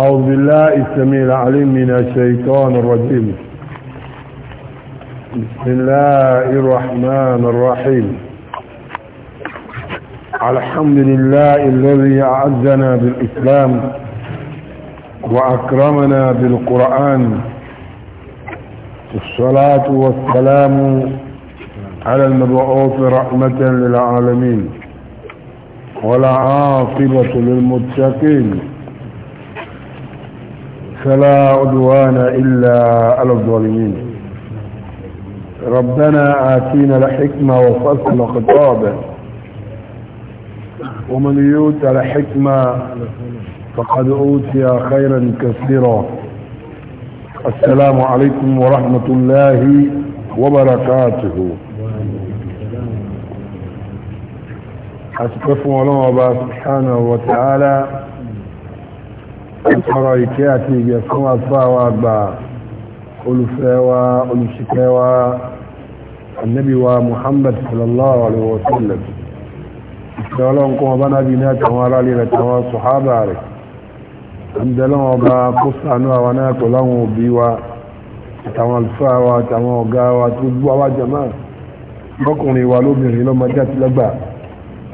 أعوذ بالله السميع العليم من الشيطان الرجيم بسم الله الرحمن الرحيم الحمد لله الذي أعزنا بالإسلام وأكرمنا بالقرآن الصلاة والسلام على المبعوث رحمة للعالمين ولا عاقبة للمتقين فلا عدوان إلا على الظالمين ربنا آتينا لحكمة وفصل خطابه ومن يوت لحكمة فقد أوتي خيرا كثيرا السلام عليكم ورحمة الله وبركاته أسكفوا الله سبحانه وتعالى ọ̀rọ̀ ìkẹ́ àti ìgbẹ̀ fún àfá wa gbà olùfẹ́ wa olùṣìkẹ́ wa annabi wa muhammad sallallahu alaihi wa sallam ìfẹ́ ọlọ́run kọ́ ọba náà bí ní àtàwọn ará lè rẹ̀tàwọn sọ̀hábà rẹ̀ àndẹ́lọ́n ọba kó sànú àwọn náà pẹ̀lú àwọn wa lóbìnrin lọ́mọdé àti lọ́gbà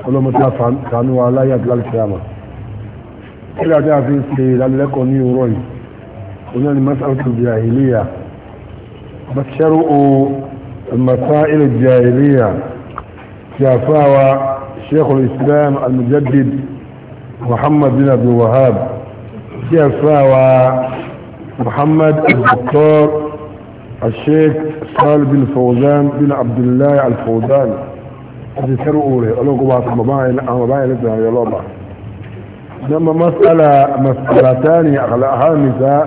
ọlọ́mọdé àfàánú wa láyé àmà kílá tí a fi ṣe ìdánilẹ́kọ̀ọ́ ní òrọ̀ yìí oní ẹni masáàlù jahiliya bàṣẹ́rù o masáàlù jahiliya tí a fáwa sheikhul islam al-mujaddid muhammad bin abdul wahab tí a fáwa محمد الدكتور الشيخ صالح بن فوزان بن عبد الله الفوزان هذه سر أولي ألوكم بعض مباعي لأ مباعي لأ لما مسألة مسألتان خامسة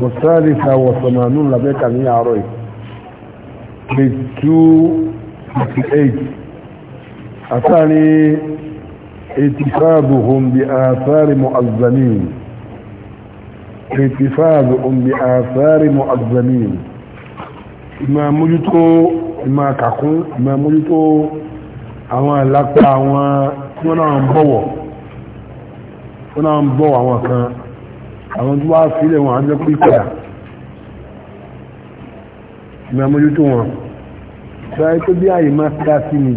والثالثة والثمانون لبيك أن يعرف page 258 الثاني اتفاظهم بآثار مؤذنين اتفاظهم بآثار مؤذنين ما موجودو ما كاكو ما موجودو أولاك أولاك أولاك أولاك wọ́n náà ń bọ́ àwọn kan àwọn tó wá sílẹ̀ wọn á jẹ́ pé ìpàdà ìmọ̀ àmójútó wọn ṣáà tó bí àyè máa dá sí ni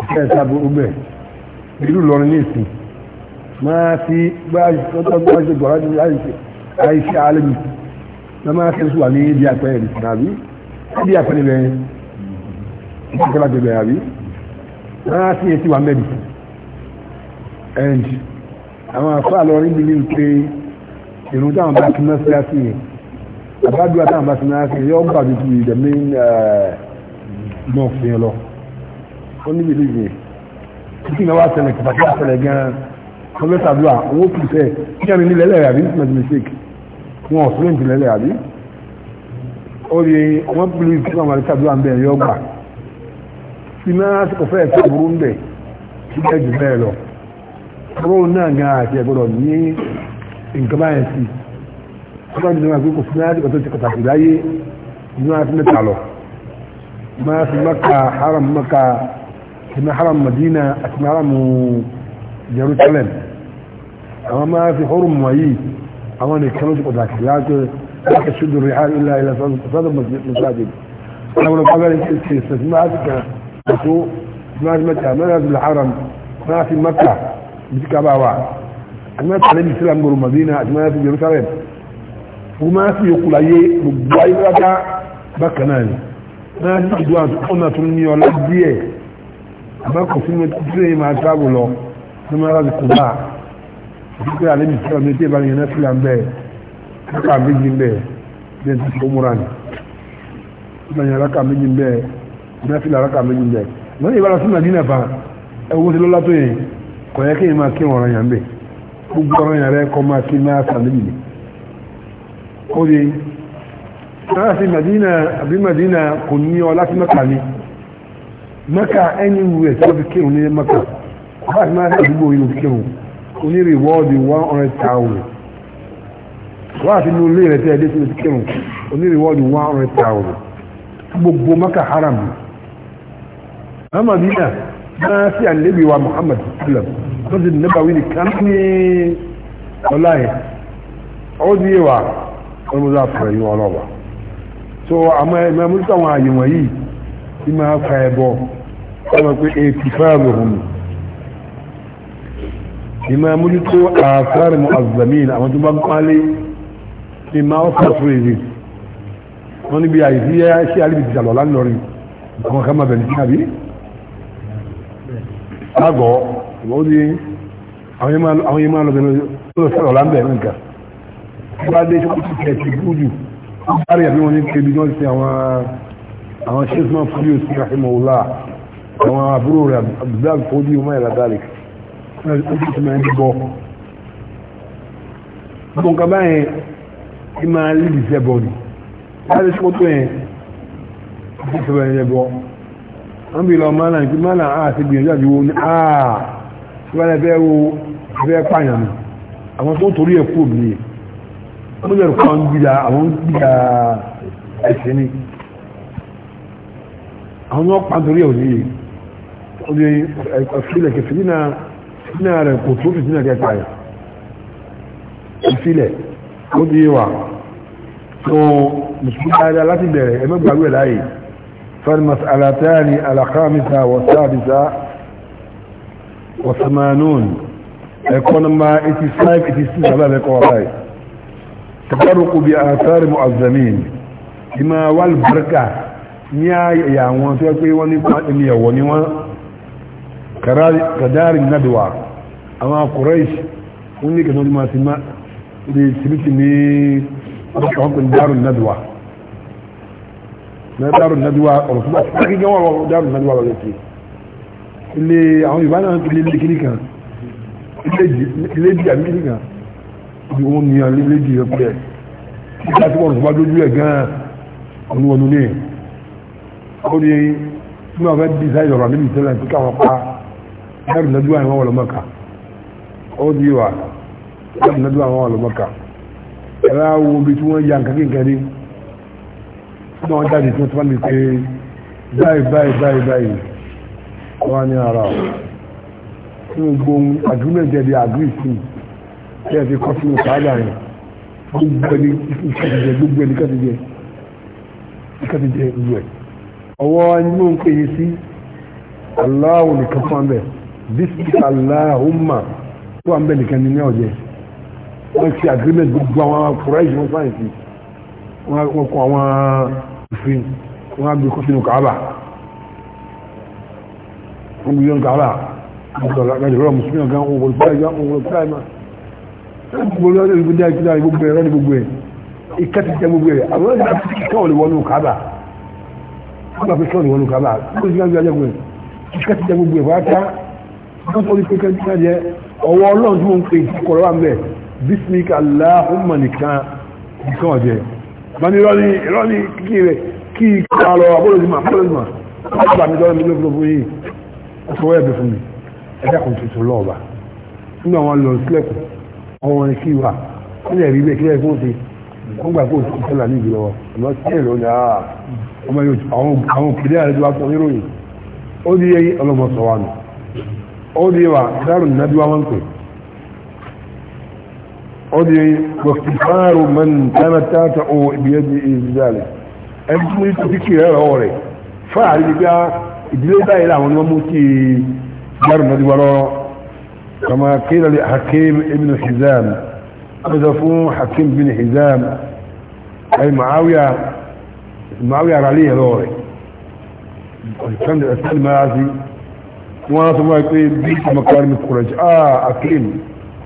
ìfẹ́ ìsábò ọgbẹ̀ ìlú lọrin ní ìsìn máa fi gbáṣẹ́ gbọ́rọ̀ àìṣẹ́ alẹ́bì na máa fẹ́ sùwà ní ibi àpẹẹrẹ ìsìn àbí ibi àpẹẹrẹ bẹ̀rẹ̀ ìsìn kọ́lá gbẹ̀rẹ̀ àbí máa fi ẹ̀sìn wà mẹ́bì ẹ̀ǹdì àwọn àfáà lọ rí bílí pé ìrùn táwọn bá ti mẹ́sílá sí yẹn àbádùá táwọn bá ti mẹ́sílá sí yẹn yọ́ gbà bí i the main eh, mosque yẹn lọ ó ní bílí yẹn títí náà wá ṣẹlẹ̀ kìtàkì àṣẹlẹ̀ gan-an wọ́n fẹ́ sàdúrà owó kù sẹ́ kí ẹni ní lẹ́lẹ́ àbí ní ṣe mistake wọn ò sílẹ̀ ní lẹ́lẹ́ àbí ó rí wọ́n bílí kí wọ́n máa rí sàdúrà ń bẹ̀ yọ́ gbà sí náà kò fẹ́ ẹ̀ ọ̀rọ̀ náà gan àti ẹ̀gbọ́dọ̀ ní nǹkan báyẹn sí ọba ní ìjọba àgbékò fún láti ọ̀tọ̀ ti pàtàkì láyé ní wọ́n ti mẹ́ta lọ máa fi maka haram maka kìnnà haram madina àti haram jerusalem àwọn máa fi horum wáyé àwọn nìkan ló ti pàtàkì láti láti ṣudu rihal ilá ilá sọ́dọ̀ masajid àwọn ọ̀pọ̀lọpọ̀ ti ṣe ìṣẹ̀sìn máa ti kàn àtó máa fi mẹ́ta máa fi haram máa fi maka bíi kábà wà àtìmọ́ tàlẹ́ bíi sílẹ̀ ngoro Madina àtìmọ́ fi Jerusalem gbogbo máa fi yòókù láyé gbogbo ayé bàtà bákan náà ni náà ní ìdú àtúnfọ́nà tó ní ọlá díẹ̀ àbákò sí mi tílé yìí máa tábù lọ ní máa láti kù bá àtúnfẹ́ àlẹ́ bíi sílẹ̀ mi tí ìbára yẹn náà sílẹ̀ ń bẹ́ẹ̀ kápá méjì ń bẹ́ẹ̀ bí ẹni tó múra ni ìbára yẹn rákà méjì ń bẹ́ẹ̀ náà sílẹ̀ rákà méjì ń bẹ́ẹ̀ mọ́ ní ìbára sí Madina fa ẹ̀wọ́n e ti lọ́lá tó yẹn kò yẹ kí ni máa kí wọn ọ̀ranyàn bẹ̀ gbogbo ọ̀ranyàn rẹ kọ́ máa kí náà sàlẹ̀ yìí ó di náà sí Madina àbí Madina kò ní ọ láti Mẹ́kà ni Mẹ́kà ẹni wù ẹ̀ tí wọ́n fi kírun ní Mẹ́kà bá ti máa ń àdúgbò yìí ló fi kírun ó ní rìwọ́ọ̀dì one hundred thousand wọ́n àti inú rẹ̀ tí ẹ̀dẹ́ sí ti kírun ó ní rìwọ́ọ̀dì one hundred thousand gbogbo Mẹ́kà haram ní Madina máa sí ànábì wa Muhammad sallam lọ́sí nàbàwí nìkan ní ọláyé ó di wa ọlọ́mọdé àfẹ́rẹ́ yìí wọn so àmọ́ ẹ̀mọ́ mú sáwọn àyè wọ̀nyí tí máa fa ẹbọ ọmọ pé èkì fáàlù hùn ìmọ̀ mójútó àfẹ́rẹ́ mu azamin àwọn tó bá ń pálé ní máa fà fún èdè wọn níbi àyè tí yẹ ti sàlọ̀ lánàá rí nǹkan kan máa bẹ̀rẹ̀ sí àbí àgọ́ ìwọ́n ní àwọn yẹn máa lọ bẹ̀rẹ̀ lọ sọ̀rọ̀ láńbẹ̀ nǹkan tí wọ́n dé ṣọ́kú ti kẹ̀ ti gúdù láàrin àbí wọn ní kébi wọ́n ti àwọn àwọn ṣẹ́sùmọ́ fúdíò sí rahimahulá àwọn àbúrò rẹ̀ abdulhaz fúdíò máa yàrá dálì ó ti máa ń bọ́ gbọ́n kaba yẹn kí máa lè dìsẹ́ bọ́ ni láti ṣọ́kú tó yẹn ó ti sọ wọ́n bí lọ mọ́lá ní mọ́lá àti ah, gbìyànjú àti wo ní àà tí wọ́n lẹ́fẹ́ wo ẹgbẹ́ pààyàn mi àwọn tó torí ẹ̀kú mi wọ́n lè kọ́ gbìyà àwọn gbìyà ẹ̀sẹ̀ ni àwọn náà pa torí ẹ̀wọ̀n yìí wọ́n lè ẹ̀fílẹ̀ kẹfìlínà fìlínà rẹ̀ kò tó fìlínà kẹta rẹ̀ ìfilẹ̀ ó di wà tó mùsùlùmí láti bẹ̀rẹ̀ ẹ̀mẹ́gbàgbé láàyè فالمسألتان الخامسة والسادسة وثمانون يكون ما اتسايف 86 هذا القواعد تفرق بآثار مؤذنين بما والبركة نيا يا وان تو بي وني ني وني وان كدار الندوة اما قريش وني كانوا ما سمع دي سبتني أشعر دار الندوة na dárò nàdúwà ọ̀rọ̀ fún bàtí kí gẹ́wọ̀n ọ̀rọ̀ dárò nàdúwà lọ lẹ́kì ilé àwọn yorùbá náà ilé ilé kiri kan ilé di àmì kiri kan ibi wọn ni àwọn ilé di ẹ̀kọ́ ẹ̀ kí láti wọ́n fún bá lójú ẹ̀ gan-an olúwọnú ní ó ní tí wọ́n fẹ́ bí sáyẹ̀ ọ̀rọ̀ níbi tẹ́lẹ̀ tí káwọn pa dárò nàdúwà àwọn ọlọ́mọkà ó di wà dárò nàdúwà àwọn ọlọ́mọkà ẹ̀rá wo bí tí wọ́n ya nǹkan kékeré náà wọ́n jáde tí wọ́n ti wá lè pé báyìí báyìí báyìí báyìí wọ́n á ní ara ọ̀ tí gbogbo agreement ẹ̀dẹ̀ agree sí kí ẹ fi kọ́ sínú sáájà yẹn gbogbo ẹni ìkàtìjẹ gbogbo ẹni ìkàtìjẹ ìkàtìjẹ ìlú ẹ̀ ọwọ́ ẹni mò ń pè yín sí aláwo nìkan fún abẹ bísí aláhùnmá fún abẹ nìkan ní ní ọ̀jẹ̀ wọ́n ti agreement gbogbo àwọn afurasí wọn fáyìntì wọ́n kọ àwọn ìfin wọ́n gbé kọ́sínú kàábà wọ́n gbé yọ́n kàábà gbàjọ̀rọ̀ mùsùlùmí ọ̀gá wọn wọ̀lù pẹ́lá ìjọ wọn wọ̀lù pẹ́lá ìmá gbogbo ọdún ìgbé dá ìpínlẹ̀ gbogbo ẹ̀rọ ní gbogbo ẹ̀ ìkẹ́ ti jẹ gbogbo ẹ̀ àwọn ọdún ìgbà tí kọ́ lè wọnú kàábà wọ́n gbà pé kọ́ lè wọnú kàábà gbogbo ìgbà tí ajẹ́gbẹ̀ ìkẹ́ ti jẹ gbogbo ẹ̀ wáta wọ́n tó ní pé kẹ́kẹ́ jẹ ọwọ́ ọlọ́run tí wọ́n ń pè kọ̀rọ̀ wà ń bẹ̀ bísí mani rọ́ni rọ́ni kí rẹ̀ kí kààlọ̀ abúròdìmọ̀ abúròdìmọ̀ ọba mi tọ́rọ mi ló gbogbo yìí ọ̀sọ̀wọ́ ẹ̀bẹ̀ fún mi ẹ̀dẹ́kùn tuntun lọ́ọ̀bà nígbà wọn lọ sílẹ̀kùn ọmọ wọn kí wà wọ́n lè rí bẹ́ẹ̀ kí lẹ́ẹ̀kún ti wọ́n gbà kó oṣù kẹlà ní ìgbìlọ́wọ́ ọmọ sí èrò ní àá ọmọ yóò àwọn òkèlè àrẹ tó wá sọ níròyìn ó di ọlọmọ sọ wa nù ó di wa dárò nínú adúlá wọn pè é ودي وافتخار من تمتعت بيدي ذلك انت ميت فيكي يا هوري فعلي بيا ادلي باي له ونموتي جرم دي وراء كما قيل لحكيم ابن حزام اضافوه حكيم بن حزام اي معاوية معاوية رعليه هوري كان الاسلام عزي وانا تبقى يقول بيت مكارم القرش اه اكيم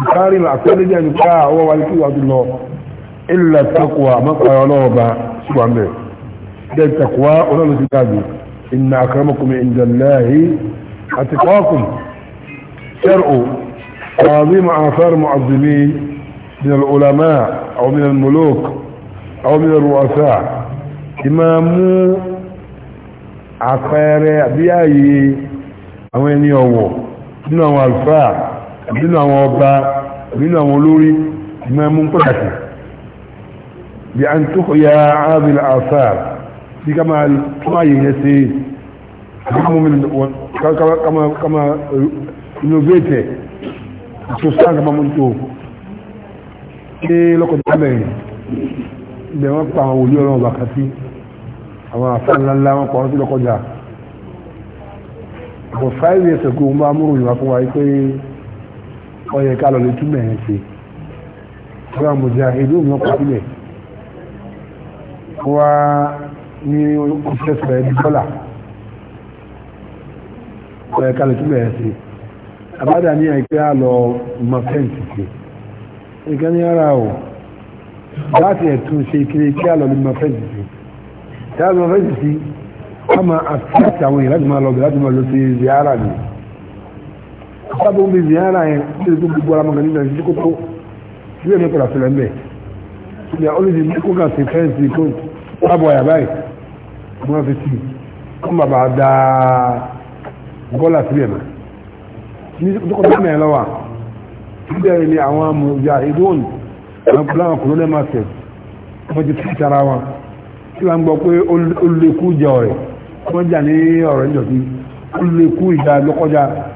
bukari la fẹ́ lẹ́jẹ́ ní ká àwọn wa kí wà lọ ilẹ̀ takuwa mọ́kànlá ọlọ́ọ̀ba síwá mẹ́ ilẹ̀ takuwa ọlọ́run ti dáàbò inna akramakum inda Allahi atqakum shar'u تعظيم آثار معظمين من العلماء أو من الملوك أو من الرؤساء إمام عقاري بيأي أو أن يوم إنه الفاق nínú àwọn ọba nínú àwọn olórí ìmọ̀ mú pàtàkì bí a ń tó ya ábìlì àṣàr bí ká máa tún àyè yẹn ṣe kama innovate tó sáà kama mú tó ṣe lọ́kọ̀ọ́ bẹ̀rẹ̀ ìbẹ̀ wọ́n pa àwọn olú ọlọ́run bàkàtí àwọn àṣàr ńláńlá wọn sí lọ́kọ̀ọ́jà ọyẹ ká lọ lè túmọ̀ ẹ̀ ṣe ọ̀rọ̀ àmọ̀já ìlú òmìnira kò sílẹ̀ wá ní ọ̀sẹ̀sẹ̀ ẹ̀dí dọ́là ọyẹ ká lọ túmọ̀ ẹ̀ ṣe àbádà ní ẹ̀kẹ́ á lọ mọ fẹ́ǹsì ṣe ẹ̀kẹ́ ní ara o láti ẹ̀tún ṣe kiri kí á lọ mọ fẹ́ǹsì ṣe kí á lọ mọ fẹ́ǹsì ṣe ká máa àti àwọn èèyàn láti máa lọ bẹ̀rẹ̀ láti máa nìyẹn sábà ń bí ziyara yẹn ní ìlú gbogbo ara mọ̀gàn nígbà ìṣẹ́ kókó tí wọ́n mi padà sílẹ̀ mbẹ̀ ìyá olùdí ní kó kàn sí fẹ́ǹsì kó sábà yà báyìí wọ́n fi sí kó bàbá da bọ́là sílẹ̀ mọ́ ní kókó tó mẹ́rin lọ́wọ́ síbẹ̀ ni àwọn mọ̀jà ìdóhùn àwọn kúláwọn kúló lẹ́ẹ̀ máa tẹ̀ wọ́n ti fi tara wọn tí wọ́n gbọ́ pé olùdíkú jẹ ọ̀rẹ́ wọ́n jà ní ọ̀rẹ́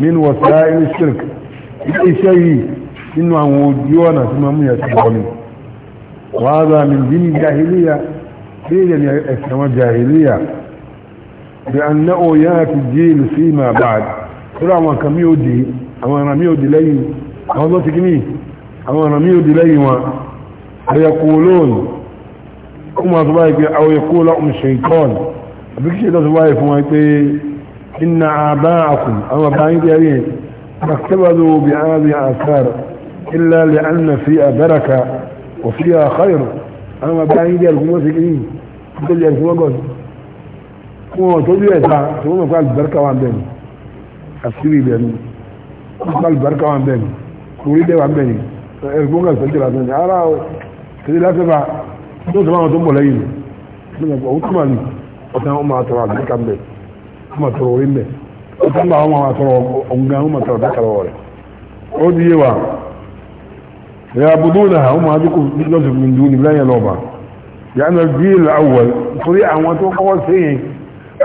nínú wọ̀sá ilé shirk ilé iṣẹ́ yìí nínú àwọn ojú ọ̀nà tí máa mú yà sí bọ́ọ̀lù wàhálà mi bí ní jahiliya bí ilẹ̀ ní ẹ̀sẹ̀ wọn jahiliya bí a ná òye àti jíìlù sí ìmọ̀ àbáàd lórí àwọn kan mí ò dé àwọn ará mí ò dé lẹ́yìn àwọn tó ti kíní àwọn ará mí ò dé lẹ́yìn wọn àyẹ̀kọ́ olóòrùn kó máa sọ báyìí pé àwọn ẹ̀kọ́ lọ́kùn ṣe ìkọ́ọ̀nù àbíkíṣe lọ́sọ báyìí fún wọn pé إن آباءكم أما بعيد يرين ما اقتبلوا بهذه آثار إلا لأن فيها بركة وفيها خير أما بعيد يرقموا سكرين قل يرقموا قل wọn tó bí ẹ̀ta tó wọn kọ́ alùbáríkà wà bẹ́ẹ̀ ni àṣírí ibẹ̀ ni wọn kọ́ alùbáríkà wà bẹ́ẹ̀ ni orí dẹ́ wà bẹ́ẹ̀ ni ẹ̀rùgbọ́n kan sọ́jọ́ lásán ni ara o kìí lásán bá tó sọ fún àwọn tó ń bọ̀ lẹ́yìn ni ọ̀hún tó mà ní ọ̀sán ọmọ àtọ̀rọ̀ alùbáríkà ọmọ tọrọ orí mbẹ ọtọ mbà ọmọ àtọrọ ọgbọn ọmọ tọrọ dákàrọ ọrẹ ó di yé wa ya budu na ha ọmọ adúkù lọsùn mi dùn níbi lẹ́yìn lọba ya na jíìl awọ torí àwọn tó kọ́kọ́ sí yẹn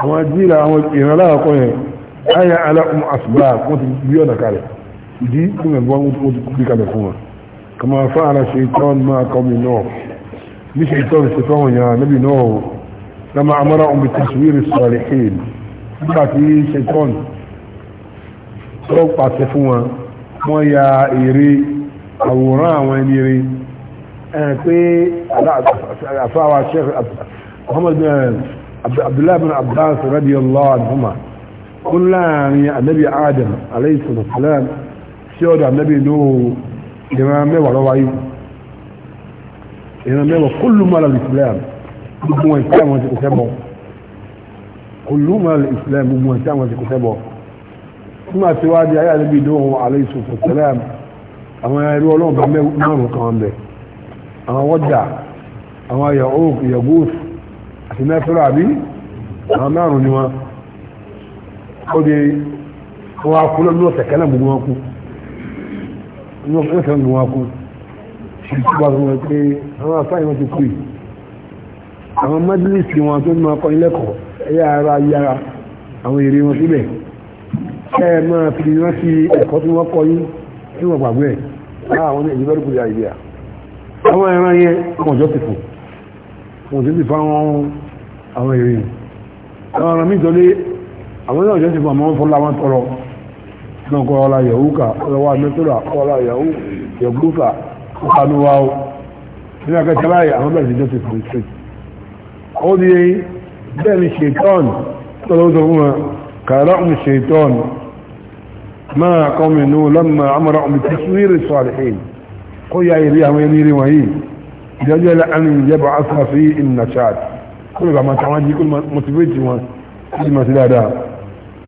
àwọn jíìl àwọn ìrànlá àkọ́ yẹn ayé alá ọmọ àsùbà wọn ti bí ọ̀nà kalẹ̀ ìdí tó mẹ̀ bọ́ wọn ti kú bí kalẹ̀ fún wa kàmá fáàlà ṣe tọ́ máa kọ́ mi náà bí ṣe tọ́ ṣe fáwọn yàrá níbi náà لما أمرهم بتصوير الصالحين nígbà tí ṣetán tó pàṣẹ fún wọn wọ́n ya èrè àwòrán àwọn ẹni rí ẹ̀rìn pé àfáwà sheikh muhammad bin abdullahi bin abbas radiyallahu anhuma kún láàrin anabi adam alayhi salam sí ọ̀dọ̀ anabi nuhu ìran mẹ́wàá lọ́wọ́ ayé ìran mẹ́wàá kúlùmọ́ alàbìsílẹ̀ gbogbo wọn ìpínlẹ̀ wọn ti kò fẹ́ bọ́ كلهم على الإسلام ومهتم وكتابه ثم سواد يا نبي دوه عليه الصلاة والسلام أما يروى لهم بعمل نار كمان به أما ودع أما يعوق يغوث أثناء فرع بي أما نار نما قد هو كل الناس كلام بنواكو الناس كلام بنواكو شيء بعض ما تي أما صايم تكوي أما مجلس يوم تقول ما قايل لكم ẹ̀yà ara yára àwọn èrè wọn síbẹ̀ ẹ máa fi wọ́n sí ẹ̀kọ́ tí wọ́n kọ yín tí wọ́n gbàgbé ẹ̀ àwọn ah, ní èyí bẹ́rùkù yà ìdíyà àwọn ẹran yẹn wọ́n jọ ti fò wọ́n ti fa àwọn èrè àwọn ọ̀ràn mi tọ́lé àwọn náà jọ ti fò àmọ́ fọlá wọn tọrọ náà kọ́ ọlá yahoo ká ọlọ́wọ́ amẹ́tọ́lá ọlá yahoo yahoo ká ọkànú wa ó nígbà kẹta láyé àwọn bẹ̀rẹ̀ jọ ti fò ó di yẹn bẹ́ẹ̀ni ṣètọ́n tọ́lọ́dọ̀wọ́n kàrọ́m ṣètọ́n máa kọ́mìnú lọ́mà amọ̀rọ̀m taswiri salihin kó yá ìrí àwọn ẹnìrí wọ̀nyí jẹjẹ́ láàrin yẹba asra fi inna chat kúrò bá máa tàwọn jí kó motivate wọn sí masu dáadáa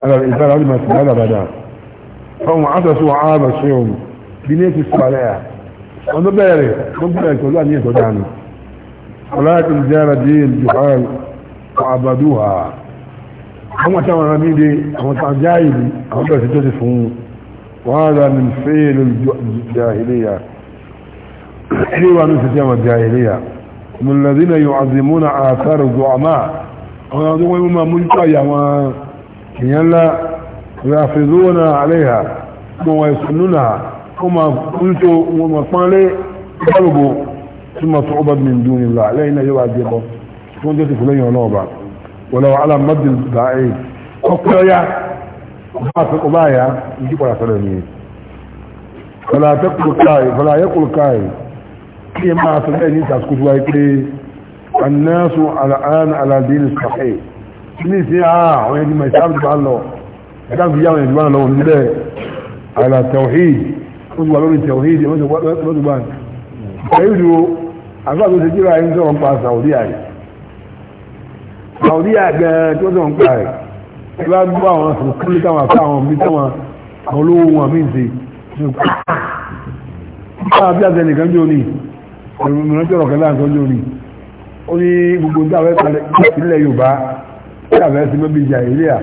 alal ìsára sí masu dáadáa fọ́nwọ́n asàsù wọn ààbà ṣeun bí ní ti sọ̀rọ̀ ẹ̀ wọn tó bẹ̀rẹ̀ tó àbàdúwà àwọn táwọn ramí dé àwọn táwọn jáìlì àwọn bẹ̀rẹ̀ sí tó ti fún wọ́n rà ní fẹ́ẹ̀lú jahiliya ilé wa ní fẹ́ẹ̀lú àwọn jahiliya mùlẹ̀dínà yóò azimúna àtàrà zuwama àwọn àwọn tó wọ́n mú múlítọ́ àwọn èèyàn ńlá rafizuna aléha mọ̀ wọ́n ìsúnnúnà wọ́n ma kúntó wọ́n ma pánlé ìgbàlùgbò tí ma tó ọba min dúnilá lẹ́yìn náà yóò wá wọ́n jẹ́ ti fún lẹ́yìn ọlọ́ọ̀bá wọlé wàhálà mọ́dìl báyìí ọ̀pẹ́ ọ̀yá ọba àyà ìdí padà sọ́dọ̀ ni fọlá ayẹ́kùrù káì kí ẹ máa sọ bẹ́ẹ̀ ní ìtàkùn tó wáyé pé anáṣù aláàánú aládìní sàfẹ́ ní ìsìn àá àwọn ẹni máa ìsáàbù bá lọ ẹ̀dá fi yáwọn ẹ̀dùn bá lọ nílẹ̀ àlà tẹ̀wọ̀hìd ó ti wà àgbà tó ti jíra ẹni sọ̀rọ̀ ń pa sàwọ́dí àyè saudi àgbẹ̀ tí wọ́n tó ń pa rẹ̀ tí wọ́n gbọ́ àwọn sùkúlù táwọn afẹ́ àwọn bí táwọn àwọn olówó wọn mí ṣe nípa bí àti ẹnìkan jò ní ẹ̀rù mìíràn jọ̀rọ̀ kẹlẹ́ àti ọjọ́ ní ó ní gbogbo ní àwọn ẹ̀ka ilẹ̀ yorùbá tí àbẹ̀ ẹ̀sìn mẹ́bí ìjà ìlẹ́à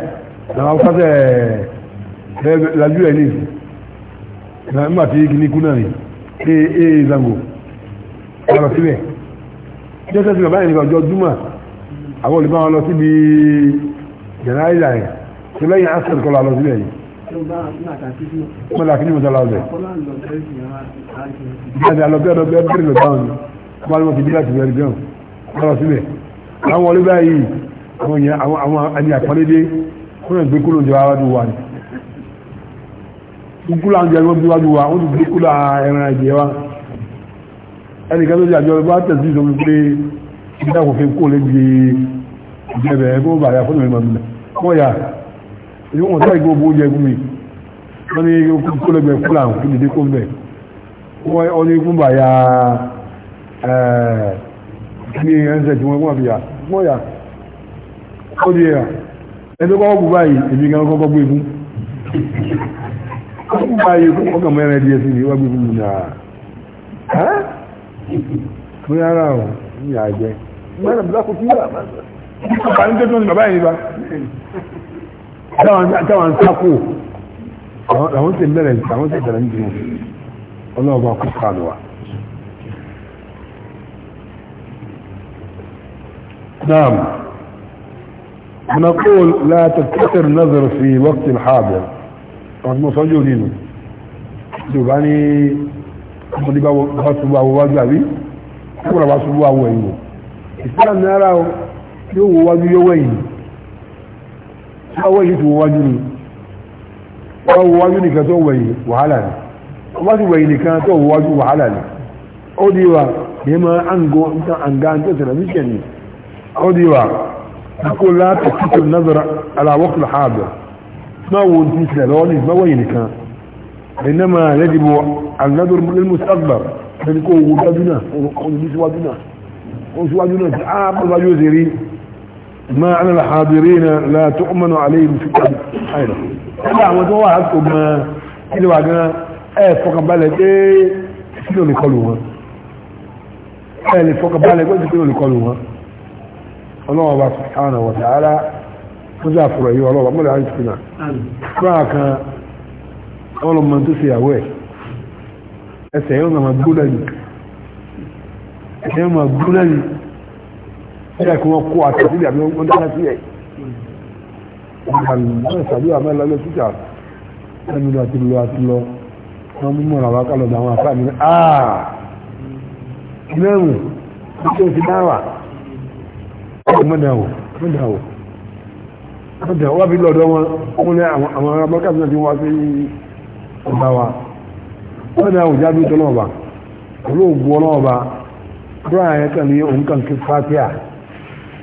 làwọn fásẹ̀ lajú ẹ̀ ní nígbà tí kìíní kú náà ní ee zango ọ̀rọ̀ síbẹ̀ jọ́sẹ̀ sí bàbá yẹn ọjọ́ júmọ̀ àwọn olùbá wọn lọ síbi jẹnáìlà yẹn tí lẹ́yìn asẹ̀ kọlọ lọ síbẹ̀ yìí mọ́lá kí ni mo sọ́lá ọ̀bẹ̀ ìgbàdì alọ́bẹ̀ ọ̀bẹ̀ bẹ̀rẹ̀ lọ báwọn bá wọn ti bí láti bẹ̀rẹ̀ gan lọ síbẹ̀ àwọn olùbá yìí àwọn yẹn àwọn àni àpọ́lédé wọ́n yẹn gbé kúlò jọ àwájú wa ni kúlò àwọn jẹ́ bí wájú wa wọ́n ti gbé kúlò ẹran ẹ̀jẹ̀ wa ẹnìkan tó jẹ́ àjọ bá tẹ̀sí jẹ́bẹ̀ ẹgbẹ́ ó bàrẹ̀ fún ìrìnmọ̀ mílẹ̀ wọ́n yà ìlú wọn sáà ìgbóògbó jẹ gúnmi wọ́n ní kó lẹ́gbẹ̀ kúlà kí lè dé kó bẹ̀ wọ́n ní gún bàyà ní ẹnsẹ̀ tí wọ́n wọ́n fi yà wọ́n yà ó di yà ẹgbẹ́ kọ́kọ́ bù báyìí èmi gan kọ́kọ́ gbé fún kọ́kọ́ bù báyìí ọkàn mẹ́rin díẹ̀ sí ni wọ́n gbé fún mi nà á bóyá ara ọ̀ ní àjẹ mẹ́rin bí lákòókò yà máa ọ̀pàá ní tẹ́tọ́ ní bàbá yìí bá táwọn sákò àwọn tẹ̀ bẹ̀rẹ̀ àwọn tẹ̀ bẹ̀rẹ̀ nínú ọlọ́ọ̀bá kò sàánù لا تتكثر نظر في وقت الحاضر رغم صجو دينه yorùbá ní ọmọdé bá ṣubú àwọ̀ wájú àbí kúrò bá ṣubú àwọ̀ ẹ̀yìn ìsìlẹ̀ náírà yóò wo wájú yóò wẹ̀yìn sáwọ́ yìí tó wo wájú ni wọ́n wo wájú nìkan tó wẹ̀yìn wàhálà ni wọ́n bá ti wẹ̀yìn nìkan tó wo wájú wàhálà ni ó di wa yẹn máa àǹgọ nǹkan àǹgá tó tẹlifíṣàn ni ó di wa kó láti títò názara aláwọ́kùnrin ààbẹ̀ máa wo ti tilẹ̀ lọ́wọ́ ní ìgbáwọ̀yìn nìkan إنما يجب النظر للمستقبل من كو وجدنا ونسواجنا ونسواجنا تعاب الرجوزيري ما على الحاضرين لا تؤمن عليهم في كذب حيرا ẹgbẹ́ àwọn tó wà látò mọ́ ilé wà gan ẹ fọkànbalẹ̀ pé ìsìnkú lè kọlù wọn ẹ lè fọkànbalẹ̀ pé ìsìnkú lè kọlù wọn ọlọ́wọ́ bá sùkánà wọ̀ tààrà fún sí àfúrọ̀ yìí ọlọ́wọ́ mọ́lẹ̀ àrí sùkánà fúnra kan ọlọ́mọ tó ṣe ìyàwó ẹ̀ ẹsẹ̀ yóò ẹ̀rẹ́ kí wọ́n kó àtẹ̀ sílẹ̀ àbí wọ́n dáná sí ẹ̀ ìgbàlùmọ́ ìsàdúrà mẹ́lẹ́ lọ títà ẹnu lọ àti lọ àti lọ wọ́n mú mọ̀ràn wá kálọ̀ àwọn àfáà ní àà ah! mẹ́rùn tí ó ti dáwà mọ́dàwọ̀ mọ́dàwọ̀ mọ́dàwọ̀ wà bí lọ́dọ̀ wọn wọ́n ní àwọn ará mọ́kàtí náà ti wá sí ọba wa mọ́dàwọ̀ jábí tọ́lọ́ọ̀bà olóògùn ọlọ́ọ̀bà bọ́ọ̀ àyẹ́kà ní òun kàn kí fátíà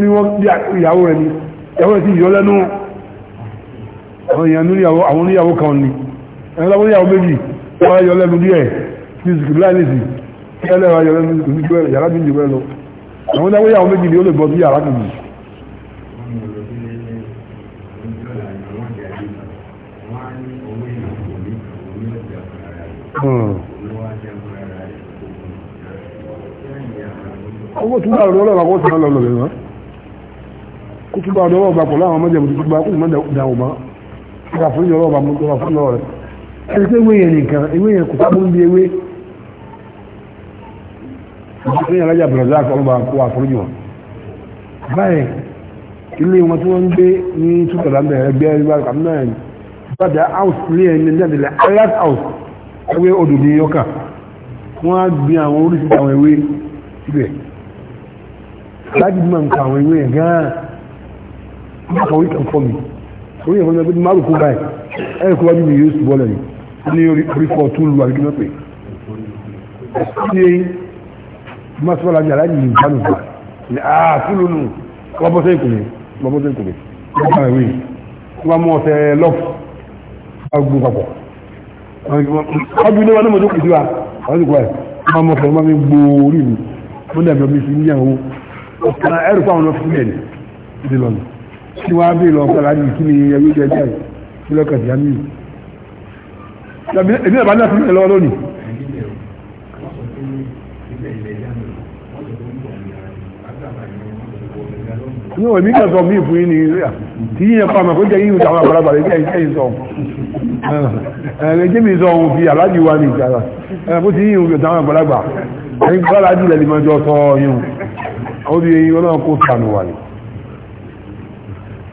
ní wọ́n bí ìyàwó rẹ̀ ni ìyàwó rẹ̀ ti yọ lẹ́nu àwọn èèyàn níyàwó àwọn oníyàwó kan ni ẹni lọ́wọ́ níyàwó méjì wọ́n yọ lẹ́nu díẹ̀ music blindness ẹlẹ́ wa yọ tún bá lọ́wọ́ àwọn tó ń lọ kó túbọ̀ ọdọ́wọ́ ọba pẹ̀lú àwọn ọmọdé ìbùdó gbogbo akókò mọ́dà dáwọ̀ mọ́ ọba fún yọrọ ọba mọ́tò fún lọ́rẹ̀ ẹni pé ewé yẹn nìkan ewé yẹn kò sábó ń bí ewé ìṣẹ́yìn alájà brazil ọlọ́ba kó àforíjì wọn báyìí ilé wọn tí wọ́n ń gbé ní túbọ̀láńbẹ̀ ẹgbẹ́ ẹgbẹ́ àmì bàtà house ilé ẹni jáde lẹ alert house ẹgbẹ́ odò ní yọkà wọ́n á gbin àwọn oríṣiríṣi àwọn ewé síbẹ̀ láti mọ̀ nǹkan àwọn ewé yẹn gan-an for week and for me orí ẹ̀fọ́ ẹgbẹ́ márùn kó báyìí ẹ̀rọ kó wájú mi yóò sùn bọ́ọ̀lù yìí ní orí fọ́ tó lu àbíkí mẹ́pẹ́ ẹ̀sìn yẹn máa sọ́ra ní aláìní ní ìjánu gbà ní àtúlù nù wọ́n bọ́ sẹ́yìn kùnì wọ́n bọ́ sẹ́yìn kùnì wọ́n bá ìwé wọ́n bá mú ọ̀sẹ̀ lọ́f agbó papọ̀ wọ́n bí ní wọn ní mọ̀tò kùtù wa wọ́n ti kọ́ ẹ̀ wọ́n mọ̀ fẹ́ wọ́n mi gbóòórì mi kí wọ́n á bèèrè ọ̀pọ̀ láti kí ni ẹgbẹ́ jẹ jẹ́ kí lọ́kàn tí a mí ẹ̀bí ẹ̀bá náà fún ẹ̀lọ́ lónìí ní òmí kan sọ mí fún ní tí yíyan pa àmàkó jẹ́ yíyan àwọn àgbàlagbà lè jẹ́ ìṣẹ́ ìṣọ́ ẹ̀rẹ́ jẹ́ mi sọ ohun fi aláàjì wa ní ìjára ẹ̀rọ tí yíyan òjò àwọn àgbàlagbà ẹ̀yìn kọ́lá jùlẹ̀ lè mọ́jọ́ sọ yíyan ó di eyín ọlọ́run kó sànù wà ní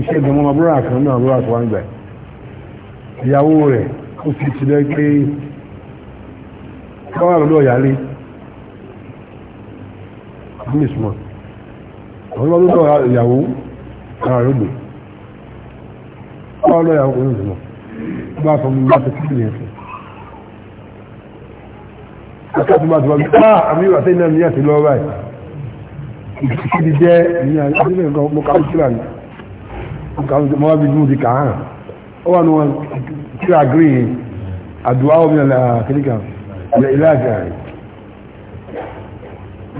iṣẹ́ ìgbà wọn àbúrò àkàn náà àbúrò àkàn wọn gbà ìyàwó rẹ̀ ó fi ti lẹ́ pé káwà lọ́dọ̀ ìyálé mísmọ̀ àwọn lọ́dọ̀ ìyàwó ara rẹ̀ gbé káwà lọ́dọ̀ ìyàwó kò ní ìsìnmọ̀ bá fọmọ bá ti kí ni ẹ̀fọ́ akẹ́kọ̀ọ́ bá ti wá gbé àmì ìwà sẹ́yìn náà ní àti lọ́wọ́ báyìí ìdíjẹ́ ní àti ìdíjẹ́ nǹkan mọ́kàlùkìlà ni mo wá bí mo ti kàn án ó wà ní wọn kí ó agree yìí àdúrà omi ọ̀la kìnnìkan ilẹ̀ ilé àjà rẹ̀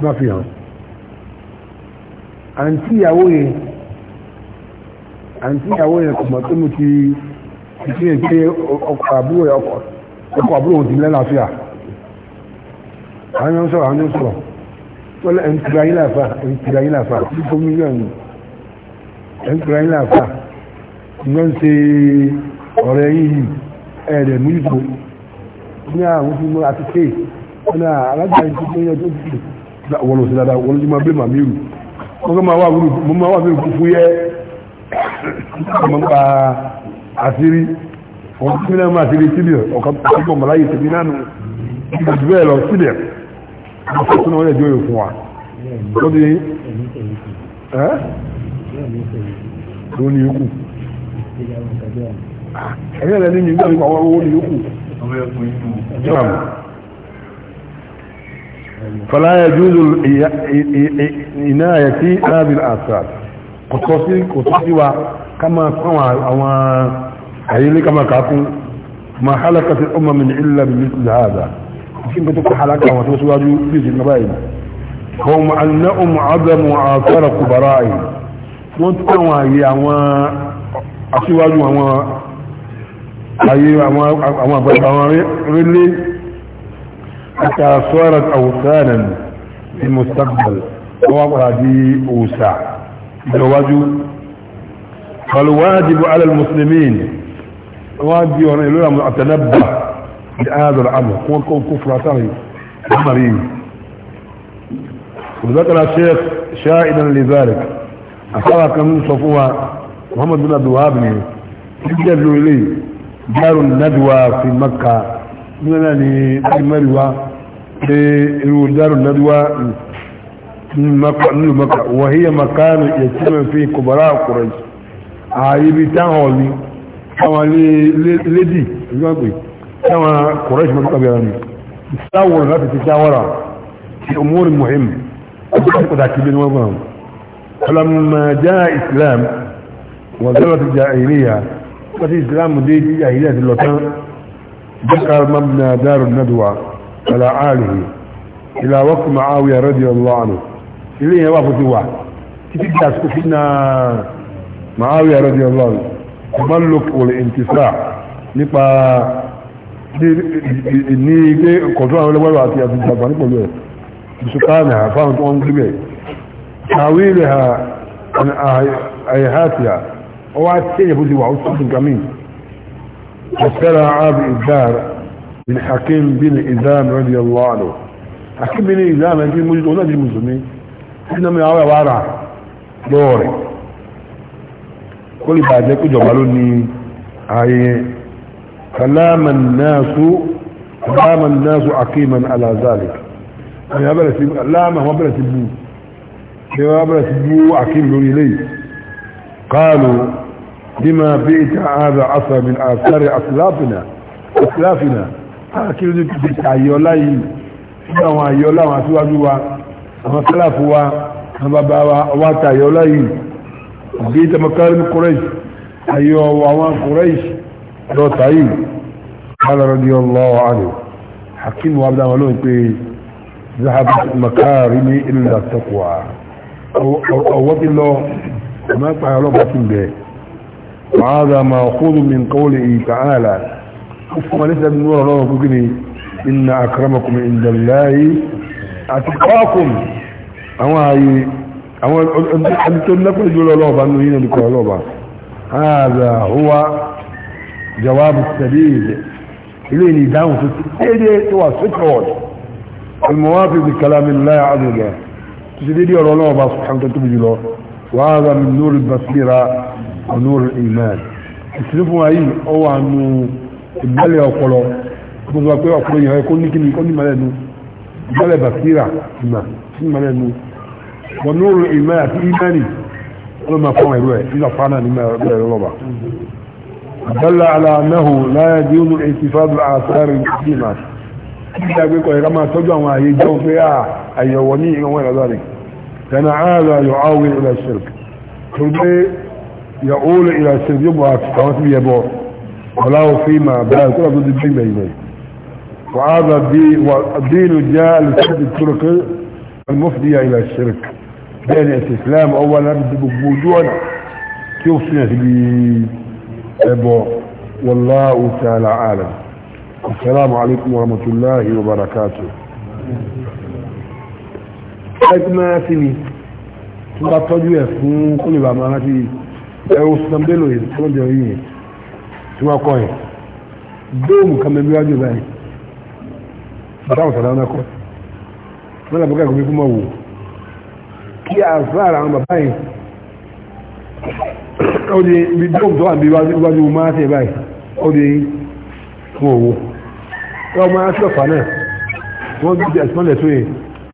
bá fi hàn àǹtí ìyàwó yẹn àǹtí ìyàwó yẹn kò mọ̀ tó mo ti ti yẹn pé ọkọ̀ àbúrò ọkọ̀ ọkọ̀ àbúrò òun ti lẹ́làáfíà àwọn yẹn ń sọ̀rọ̀ àwọn yẹn ń sọ̀rọ̀ wọ́n lẹ́ ẹ̀ ń tìgbà yín láfa ẹ̀ ń tìgbà yín láfa fífọ́ mílíọ̀nù ẹ̀ńkìrá ilẹ̀ àfà ìgbọ́n ṣe ọ̀rẹ́ yìí ẹ̀rẹ̀ múlùkù ní àwọn fún àti pé ọ̀nà alágbàáyé tó tó yẹ tó ti wọ́n lọ sí dáadáa wọ́n lójú máa bí màmí rù wọ́n kọ́ máa wà wúrù mo máa wà bí òkú fún yẹ ọmọ ń pa àṣírí wọ́n tún náà máa àṣírí síbẹ̀ ọ̀kan pọ̀ mọ̀láyé tèmi náà nù ìgbàjú bẹ́ẹ̀ lọ síbẹ̀ wọ́n fún wọn lẹ́jọ́ yóò fún wa ló ní ikú ẹ̀yẹ́ rẹ̀ nínú ìgbà nípa owó ní ikú fala yajuzu inayati abil asad kòtò sí kòtò sí wa ká máa fún àwọn àyílé ká máa kàákún ma halaka ti umma min illa bi mithli hadha kin ko to halaka wa to suwaju bi jin bayin هم أنهم عظموا آثار كبرائهم wọ́n tún àwọn àyè àwọn aṣíwájú àwọn àyè àwọn àgbàgbà àwọn rélé àti àṣọ́ra àwòsàn ní mustaqbal wọ́n wá pàdà di òòsà ìjọwájú فالواجب على المسلمين واجب وانا لهم اتنبه لهذا الامر كون كفر اثري امرين وذكر الشيخ شائدا لذلك àfáwà kan sọ fún wa muhammadu bin abdulwahab ni jíjẹ́ lórí járùn nadwa fi makka nínú náà ni mẹ́rìnwá pé irú járùn nadwa nílùú makka wàhíyà makanu yẹ̀tìmọ̀ fi kọbara kùrẹ́jì àyíbi táwọn ní àwọn lédì ìgbàgbé táwọn kùrẹ́jì mọ́tò kàbíyà ni sáwọn láti ti sáwọ́ra ti umuri muhim ọdún pàtàkì bí wọ́n gbọ́n فلما جاء إسلام وزلت الجاهلية ففي إسلام دي جاهلية اللطان ذكر مبنى دار الندوة على عاله إلى وقت معاوية رضي الله عنه إليه وقت واحد كتب تسكفنا معاوية رضي الله عنه تملك والانتصاع نبقى ní ilé kọ̀tún àwọn ẹlẹ́wọ́lọ́ àti àti ìjàmbá ní pẹ̀lú ẹ̀ ìṣùkánà fáwọn tó wọ́n ń gbé تاويلها عن آه، آياتها هو سيدي بوزي وعود صوت كمين وسأل عاب الدار من حكيم بن إزام رضي الله عنه حكيم بن إزام هذه المجد هنا دي المسلمين إحنا من عوى وارع دوري كل بعد ذلك جمالوني هاي كلام الناس كلام الناس عقيما على ذلك يعني بلس لام هو بلس البوت لما أبرس بو عكيم إليه قالوا لما بيت هذا عصر من آثار أسلافنا أسلافنا أكيد بيت أيولاي سنوا أيولا ما سوى جوا أما سلافوا أما بابا واتا أيولاي بيت مكارم قريش أيوه وعوان قريش لو تعيين قال رضي الله عنه حكيم وابدا ولو ذهبت مكارمي إلا التقوى أول الله وما ما أخوض من قوله تعالى حفظ ليس من نور الله بقني إن أكرمكم عند الله أتقاكم أما أما أنتم لكم يقول الله بأنه هنا لكم الله هذا هو جواب السبيل إليه نداوه في السبيل سوى سكوت الموافق لكلام الله عز وجل جديدي ولا الله بس الحمد لله وهذا من نور البصيرة ونور الإيمان ìsìnfún ayé ó wà nù ìgbẹ́lẹ̀ ọpọlọ gbogbo àpé ọpọlọ yẹn ẹ̀kọ́ ní kíni kọ́ ní mẹ́lẹ́nu ìgbẹ́lẹ̀ bàtírà ìmà ní mẹ́lẹ́nu wọn ní oòrùn ìmẹ́ àti ìmẹ́ni wọn máa fọ́n ẹ̀rọ ẹ̀ nígbà fánà ní mẹ́rẹ̀ lọ́ba dalla ala annahu la yadunu ihtifadu asari al-qadima kí ni agbẹ́kọ̀ọ́ yẹn ká máa tọ́jú àwọn àyè jẹun pé ah, àyẹ̀wò ní ìwọ̀n ìrọ̀lọ́rin كان هذا يعاون إلى الشرك كل يقول إلى الشرك يبقى تتوسم يبقى ولو فيما بلاد كل ضد الدين بيني وهذا الدين جاء لسد الطرق المفضية إلى الشرك بين الإسلام أولا بوجوهنا كيف سنة أبو والله تعالى عالم السلام عليكم ورحمة الله وبركاته ẹtí máa sí ni tó bá tọ́jú ẹ̀ fún kólébà máa rántí ẹ̀rọ sàmbélò yìí tó jọ yìí yẹn tí wọ́n kọ́ yẹn dóòmù kan mẹ́bí wájú báyìí bàtà òsàlá ọ̀nà kọ́ wọ́n làbọ́ káàkiri bí kú mọ̀ wò kí àzára àwọn bàbá yìí ó di ibi dóòmù tó wà bí wájú máa tẹ̀ báyìí ó di wọ́n wò wọ́n máa ṣọ̀fà náà wọ́n gbé ẹ̀sùn lẹ̀ tó yẹn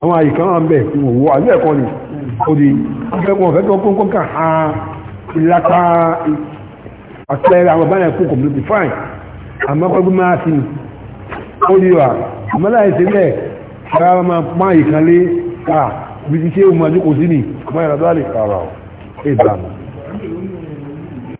àwọn àyè kan wà ń bẹ̀ fún òwò àbí ẹ̀kọ́ ni ó di ọgbẹ́gbọ́n ọ̀fẹ́ tó kún kún kà á ìlàta àtẹ́rẹ àwọn báyẹ̀ kún kòmìnì fine àmọ́kọ́gbọ́n máa ti ó di wà àmọ́láyé ti lẹ̀ ara wọn máa pán ìkànlé ká bí ti ṣe òun àjókòó sí ni àmọ́ ìrọ̀dọ́lẹ̀